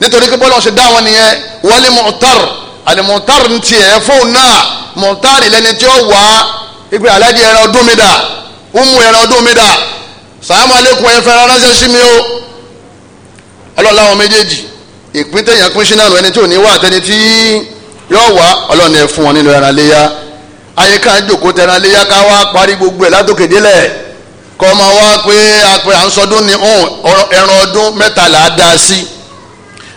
nítorí pé bọ́lá ṣe dá wọn nìyẹn wọlé mọ̀tàr àlèmọ̀tàr ń tiẹ̀ fóun náà mọ̀tàr ìlẹ́ni tí ó wà á ìgbé aládìí ẹran ọdún mi dà ó mú ẹran ọdún mi dà sàmú alẹ́kùn ẹ̀fẹ́ ránṣẹ́ sí mi o ọlọ́run láwọn méjèèjì ìpín tẹ̀yàn pín sínú àná ẹni tí ò ní wà àtẹni tí yóò wá ọlọ́run ẹ̀ fún wọn nínú ẹran léyà ayé ká jòkó tẹran léyà ká wá parí gbogbo ẹ̀ látòkè délẹ̀ kọ́ ọmọ wa pé apẹ̀ à ń sọdún ní ẹran ọdún mẹ́tàlá dá sí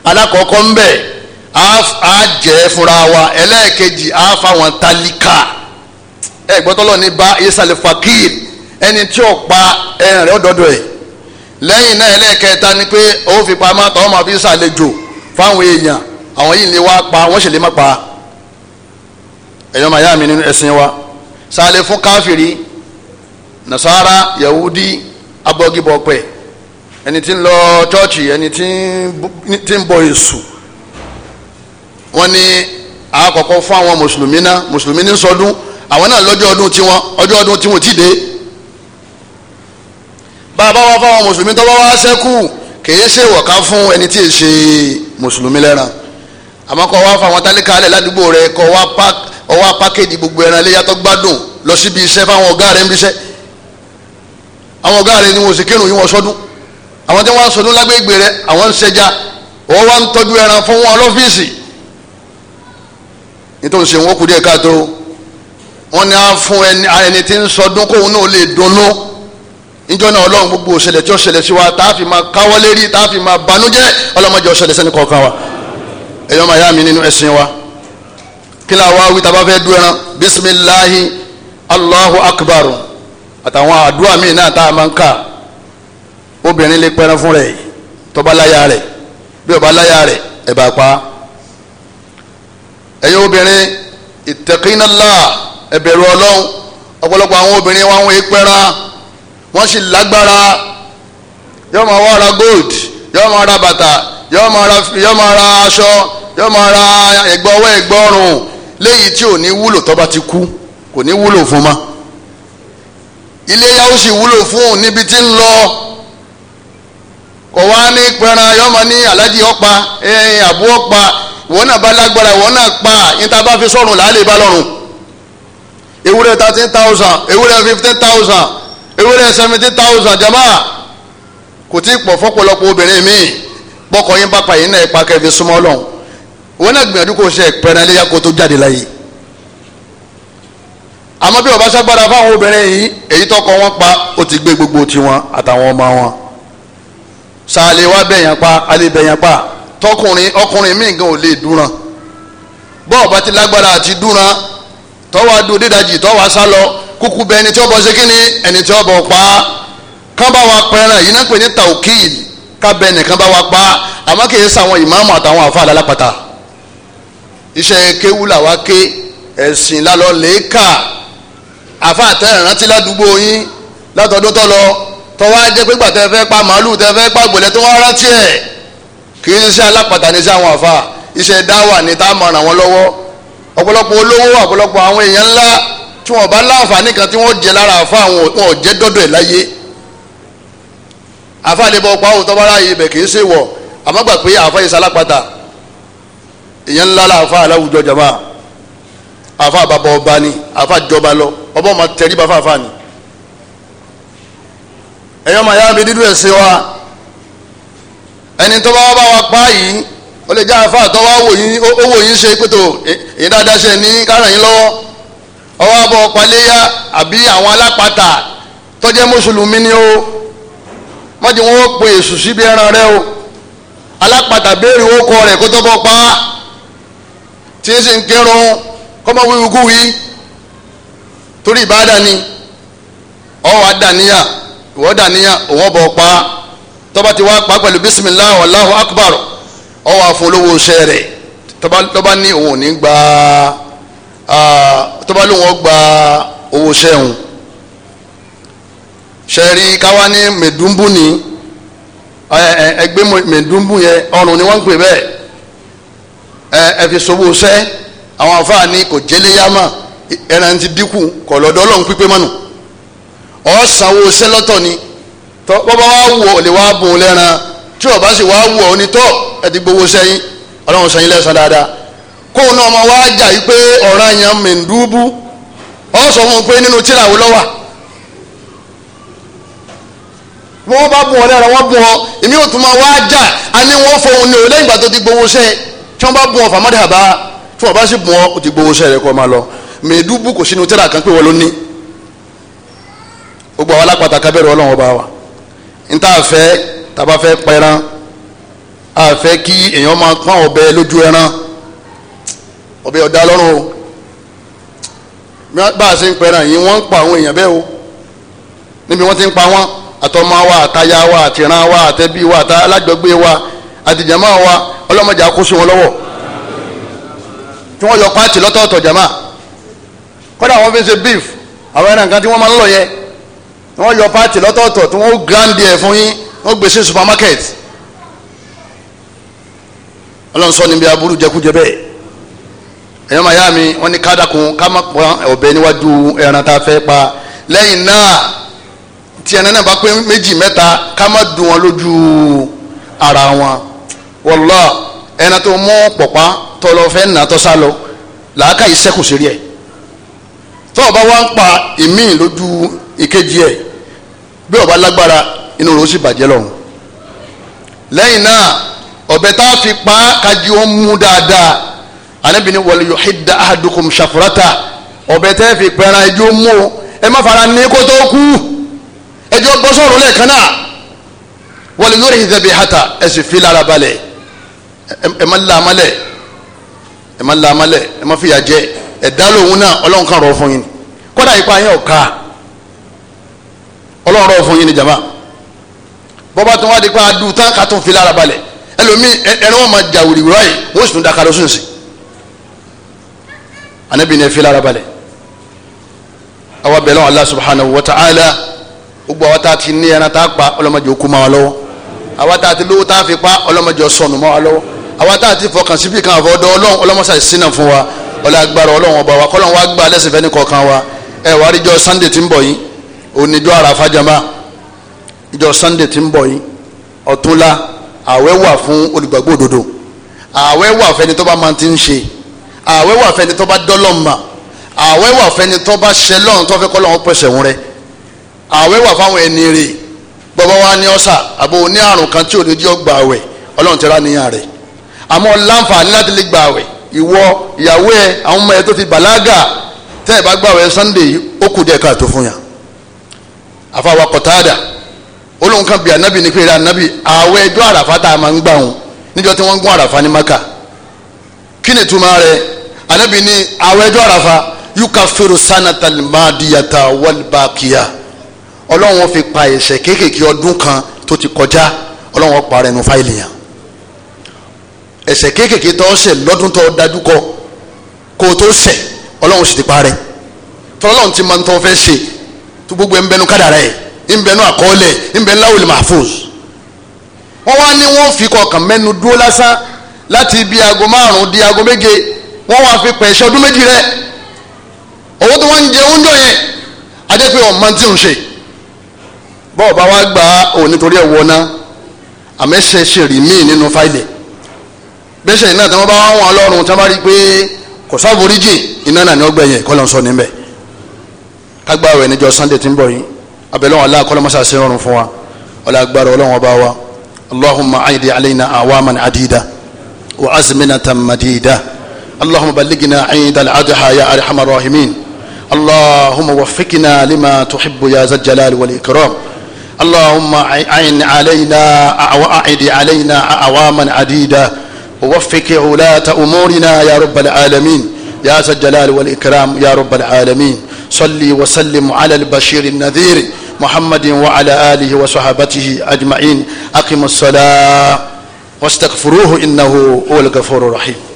alákọ̀ọ́kọ́ ń bẹ̀ á jẹ́ fúnra wa ẹlẹ́ẹ̀kejì á fáwọn tálíkà ẹ̀ gbọ́tọ́lọ́ ní bá yẹ́sàlẹ̀ fakir ẹni tí ó pa ẹran rẹ̀ ẹ̀ lẹ́yìn náà ẹlẹ́ẹ̀kẹta ni pé ó fi pamọ́ ọmọ fi sàlejò fáwọn èèyàn àwọn yìí lè wá pa wọ́n sì lè má pa mi nínú ẹ̀sìn wa ṣàlẹ̀ fún káfìrí nasara yahudi abọ́gibọ̀pẹ̀ ẹni tí ń lọ ẹni tí ń bọ èṣù fún àwọn mùsùlùmí náà mùsùlùmí ní sọdún àwọn náà bàbá wa fáwọn mùsùlùmí tó bá wá sẹ́kù kìí ṣe wọ̀ká fún ẹni tí ì ṣe mùsùlùmí lẹ́ran àmọ́ kọ́ wá fáwọn tálíkà alẹ́ ládùúgbò rẹ kọ́ wá pak ọwọ́ pákéjì gbogbo ẹran ilé yàtọ̀ gbádùn lọ síbi iṣẹ́ fáwọn ọ̀gá rẹ ń bíṣẹ́ àwọn ọ̀gá rẹ ni wọn ò sì kírun yìí wọn sọdún àwọn tí wọn sọdún lágbègbè rẹ àwọn ń ṣẹja wọ́n wá ń tọ́jú ẹran fún wọn lọ́fíìsì nítorí ṣe wọn kù díẹ̀ káàtó wọn ni a fún ẹni tí ń sọdún kóun náà lè dunnú níjọ́ náà gbogbo òṣèlè tí ó sí wa a máa káwọ́ lérí tá máa banújẹ́ ọlọ́mọdé òṣèlè wa máa yá mi nínú wa kí la wá wí du ẹran bisimilahi allahu akbar àtàwọn àdúrà míì náà tá a máa ń kà obìnrin lè pẹran fún láyà bí láyà wa wọ́n sì lágbára yóò máa wá ra gold yóò máa ra bàtà yóò máa ra yóò máa ra aṣọ yóò máa ra ẹ̀gbọ́ ọwọ́ ẹ̀gbọ́ ọrùn léyìí tí ò ní wúlò tó bá ti kú kò ní wúlò fún ma iléyà ó sì wúlò fún un níbi tí ń lọ kò wá ní pẹran yọmọ ní alájí ọpa ẹyìn àbú ọpa ìwọ náà bá lágbára ìwọ náà pa níta bá fi sọrùn làálẹ̀ bá lọ́rùn ewúrẹ́ thirteen thousand ewúrẹ́ fifteen thousand ewúrẹ́ seventy thousand jama kò tí ì pọ̀ fọ́pọ̀lọpọ̀ obìnrin míì bọ́kọ yín bá pààyàn náà ipa kẹfì súnmọ́ ọlọ́run wọn náà gbìyànjú kó ṣe ìpẹ́rẹ́ léyà kó tó jáde láyé àmọ́ bí ó bá fáwọn obìnrin yìí èyí tọkọ wọn pa ó ti gbé gbogbo tiwọn àtàwọn ọmọ wọn sàlẹ̀ wa bẹ̀yàn pa alẹ́ bẹ̀yàn pa tọkùnrin ọkùnrin míì gan ò lè dúran bọ́ọ̀ bá ti lágbára àti dúran tọ́wọ́ adó dídájì tọ́wọ́ asálọ kúkú bẹ ẹni tí ó bọ ṣe kíni ẹni tí ó bọ pa á kán bá wa pẹran yìí náà pè ní tawkil ká bẹ ẹnìkan bá wa pa á àmọ́ kì í sàwọn ìmáàmù àtàwọn àfa àlálápàtà iṣẹ́ kéwú làwa ké ẹ̀sìn lálọ́ lẹ́ẹ̀ka àfa àtẹ̀rántí ládùúgbò yín látọdún tó lọ tọwọ́ ajẹ́ pé gbàtẹ́ fẹ́ pa màálù tẹ́ fẹ́ pa gbòlẹ́ tó wá rántí ẹ̀ kì í ṣe alápàtà ní sí àwọn àfa iṣẹ́ dáwà ní tá a mọ̀ ràn wọ́n lọ́wọ́ ọ̀pọ̀lọpọ̀ olówó ọ̀pọ̀lọpọ̀ àwọn èèyàn ńlá tí wọn bá láǹfààní kan tí wọn jẹ lára àfa àwọn wọn ò jẹ dọdọ ẹ láyé àfa lè bọ pa òótọ́ bára yìí bẹ̀ kì í ṣe wọ̀ àmọ́ gbà pé àfa yìí sálápàtà èèyàn ńlá la àfa aláwùjọ jàmá àfa àbàbọ̀ ọba ni àfa jọba lọ ọba ọmọ tẹ̀lé bá fàáfàá ni ẹ̀yọ́ màá yá mi dídú ẹ̀ sí wa ẹni tó bá wá bá wa pa yìí ó lè jẹ́ àfa àtọ́wá wò yín ṣe pé tó èyí dáadáa ṣe ní káràn yín lọ́wọ́. ọwọ́ abọ́ ọ̀páléyà àbí àwọn alápatà tọ́jẹ́ mùsùlùmí ni o mọ́tí wọn ó pe èṣù síbi ẹran rẹ o alápatà béèrè ókọ rẹ̀ kó tọ́ bọ́ pa á tí ń sì ń kírun kọ́mọ wíwúkú wí torí ìbáàdà ni ọwọ́ àdàníyà ìwọ́ dàníyà òun ọ̀bọ̀ pa á tọ́ba ti wá pa pẹ̀lú bísímìlá Allahu akbar ọwọ́ àfọlọ́wọ́ sẹ́rẹ̀ tọ́ba ní òun ò ní gbàá Ah, tó bá lóun ó gba owó sẹ́hun sẹ́rí káwá ní mẹ̀dúnbù ni eh, eh, ẹgbẹ́ mẹ̀dúnbù yẹn ọrùn ni wọ́n ń pè bẹ́ẹ̀ eh, ẹ fi sọ́wọ́ sẹ́ àwọn afáàní kò jẹ́léyàmà ẹran ti dínkù kọ̀ lọ́dọ́ ọlọ́run pípé mọ́nù ọ̀sánwó sẹ́lọ́tọ̀ ni bọ́bá wá wù ọ́ lè wá bùn lẹ́ran tí ọba sì wá wù ọ́ ní tọ́ ẹ ti gbowó sẹ́yìn ọlọ́run sẹ́yìn lẹ́sàn dáadáa kó o náà ọmọ wa jà yìí pé ọ̀ràn yẹn mẹ̀ndúbú ọ sọ fún un pé nínú tíra wo lọ́wà wọ́n bá bùn ọ lára wọ́n bùn ọ èmi ò tún máa wá jà á ní wọ́n fọ òun ní òun lẹ́yìn ìgbà tó ti gbowó sẹ́ẹ̀ tí wọ́n bá bùn ọ fàmọ́dé àbá tí wọ́n bá sì bùn ọ ó ti gbowó sẹ́ẹ̀ rẹ kọ́ máa lọ mẹ̀ndúbú kò sínú tíra kan pé wọ́n ló ní gbogbo àwọn alápàtà kábẹ́rẹ́ ọlọ́run ọba wa n ta fẹ́ taba fẹ́ pẹran a fẹ́ kí èèyàn máa pọ́n ọbẹ̀ lójú ẹran ọbẹ̀ ọ̀dà lọ́rùn o bá a ṣe ń pẹran yìí wọ́n ń pa àwọn èèyàn bẹ́ẹ̀ o níbi wọ́n ti ń pa wọ́n àtọmọ wa àtaya wa àtìran wa àtẹbí wa àtà alájọgbé wa àtìjàmá wa ọlọ́mọdé àkóso wọn lọ́wọ́ tí wọ́n yọ pààtì lọ́tọ̀ọ̀tọ̀ jàmá kódà wọ́n fi ń ṣe beef àwọn ẹran kan tí wọ́n máa ń lọ yẹ tí wọ́n yọ pààtì lọ́tọ̀ọ̀tọ̀ tí wọ́n grand ẹ̀ fún yín wọ́n gbé sí supermarket ọlọ́run sọ níbi aburú jẹkújẹ bẹ́ẹ̀ ẹ̀yọ́ màyá mi wọ́n ní kádàkùn ká má pọ́n ọ̀bẹ níwájú ẹran tá a fẹ́ pa lẹ́yìn náà tí ẹran náà bá pé méjì mẹ́ta ká má dùn wọn lójú ara wọn wọ́lọ́ ẹran tó mú pọ̀pá tọ́lọ fẹ́ nà tọ́ sá lọ làákà yìí sẹ́kù sí rí ẹ̀ tó o wá ń pa ìmíì lójú ìkejì ẹ̀ bí o lágbára inú rò ó sì bàjẹ́ lọ́hùn lẹ́yìn náà ọ̀bẹ tá a fi pa kájí ó mú dáadáa anabi ni wọlé yuhidda ahadukum shafurata ọbẹ̀ tẹ́ fi pẹ́ran ẹjọ́ mú o ẹ má fara ní kó tó kú ẹjọ́ bọ́ sọ̀rọ̀ lẹ́ẹ̀kan náà wọlé yóò rí ìdẹ́bi hata ẹ sì fi lára balẹ̀ ẹ má la amalẹ̀ ẹ má la amalẹ̀ ẹ má fìyà jẹ ẹ̀dá lòun náà ọlọ́run kan rọ̀ fún yín kódà ipa yẹn ò ká ọlọ́run rọ̀ fún yín ni jama bọ́bá tó wá di pa adu tán ká tó fi lára balẹ̀ ẹlòmíì ẹni wọ́n máa jà wìrìwìrì ayé wọ́n sì tún dakadọ́ sùn sí anabi ní efi lára balẹ̀ àwa bẹ̀rẹ̀ Allah subhanahu wa ta'ala gbogbo àwa tá a ti ní ẹran tá a pa ọlọ́mọdé okú máa lọ́wọ́ àwa tá a ti lówó tá a fi pa ọlọ́mọdé sọnù máa lọ́wọ́ àwa tá a ti fọkàn síbi kan àfọwọ́ dọ́ ọlọ́run ọlọ́mọṣà ìsínà fún wa ọlọ́gbàrọ̀ ọlọ́run ọba wa kọ́lọ́run wa gba lẹ́sìn fẹ́ni kọ̀ọ̀kan wa ẹ wàá rí ijọ́ Sunday tí ń bọ̀ yìí oníjọ́ àràfà jama ijọ́ Sunday tí ń bọ̀ yìí ọ̀túnla àwẹ̀ wà fún olùgbàgbọ́ òdodo àwẹ̀ wà fẹ́ni tó bá máa ti ń ṣe ààwẹ̀ wà fẹ́ni tó bá dọ́lọ́ mà ààwẹ̀ wà fẹ́ni tó bá ṣẹ lọ́run tó fẹ́ kọ́ lọ́run pẹ̀sẹ̀ wọn rẹ ààwẹ̀ wà fáwọn ẹni rè bọ́bá wa ní ọ̀sà àbò ní àrùn kan tí ò ní jẹ́ ọgbà àwẹ̀ ọlọ́run ti rá níyàn rẹ̀ àmọ́ láǹfààní láti lè gbà àwẹ̀ ìwọ ìyàwó ẹ àwọn ọmọ ẹ tó ti bàlágà tẹ́ ẹ bá gbà àwẹ̀ Sunday ó kù díẹ̀ káàtó fún yàn àfàwà kọ̀tàdà olóhùn kan bíi anabi ní pèrè anabi ààwẹ̀ ẹjọ́ àràfà tá a máa ń gbà wọn níjọ́ tí wọ́n gún àràfà ní maka kí ni túmọ̀ rẹ̀ anabi ni awẹjọ arafa yukafiru sanata madiyata walibakiya ọlọ́run fi pa ẹ̀ṣẹ̀ kéékèèké ọdún kan tó ti kọjá ọlọ́run pa rẹ̀ nù fáìlì yẹn ẹ̀ṣẹ̀ kéékèèké tó ṣẹ̀ lọ́dún tó dájú kọ kó o tó ṣẹ̀ ọlọ́run sì ti pa rẹ̀ tọ́lọ́run ti máa ń tọ́ fẹ́ ṣe tó gbogbo ẹ̀ ń bẹnu kádàrá ẹ̀ ń bẹnu àkọọ́lẹ̀ ń bẹnu láwùlì mahfuz wọ́n wá ní wọ́n fi kọkàn mẹ́nu dúró lásán láti ibi aago márùn-ún di aago méje wọ́n wá fi pẹ̀ṣẹ̀ ọdún méjì rẹ̀ owó tí wọ́n ń jẹ oúnjẹ yẹn ajẹ́ pé ọ̀n máa ti ń ṣe bọ́ọ̀ bá wá gbà á ò ẹ̀ wọ́n náà àmẹ́sẹ̀ ṣe rí míì nínú fáìlì bẹ́sẹ̀ iná tí wọ́n bá wọn ọlọ́run tí wọ́n bá rí i pé kò sáforíjì iná náà ni ọgbẹ́ yẹn kọ́ ló ń sọ níbẹ̀ kágbá rẹ̀ níjọ́ sunday tí ń bọ̀ yìí abẹ́lẹ́wọ̀n aláà kọ́ fún wa ọlá agbára ọlọ́run wa allahumma aidi alayna awaman adida wa azminatan madida. اللهم بلغنا عيد الأضحى يا أرحم الراحمين اللهم وفقنا لما تحب يا ذا الجلال والإكرام اللهم عين علينا وأعد علينا أعواما عديدة ووفق ولاة أمورنا يا رب العالمين يا ذا الجلال والإكرام يا رب العالمين صلي وسلم على البشير النذير محمد وعلى آله وصحبه أجمعين أقم الصلاة واستغفروه إنه هو الغفور الرحيم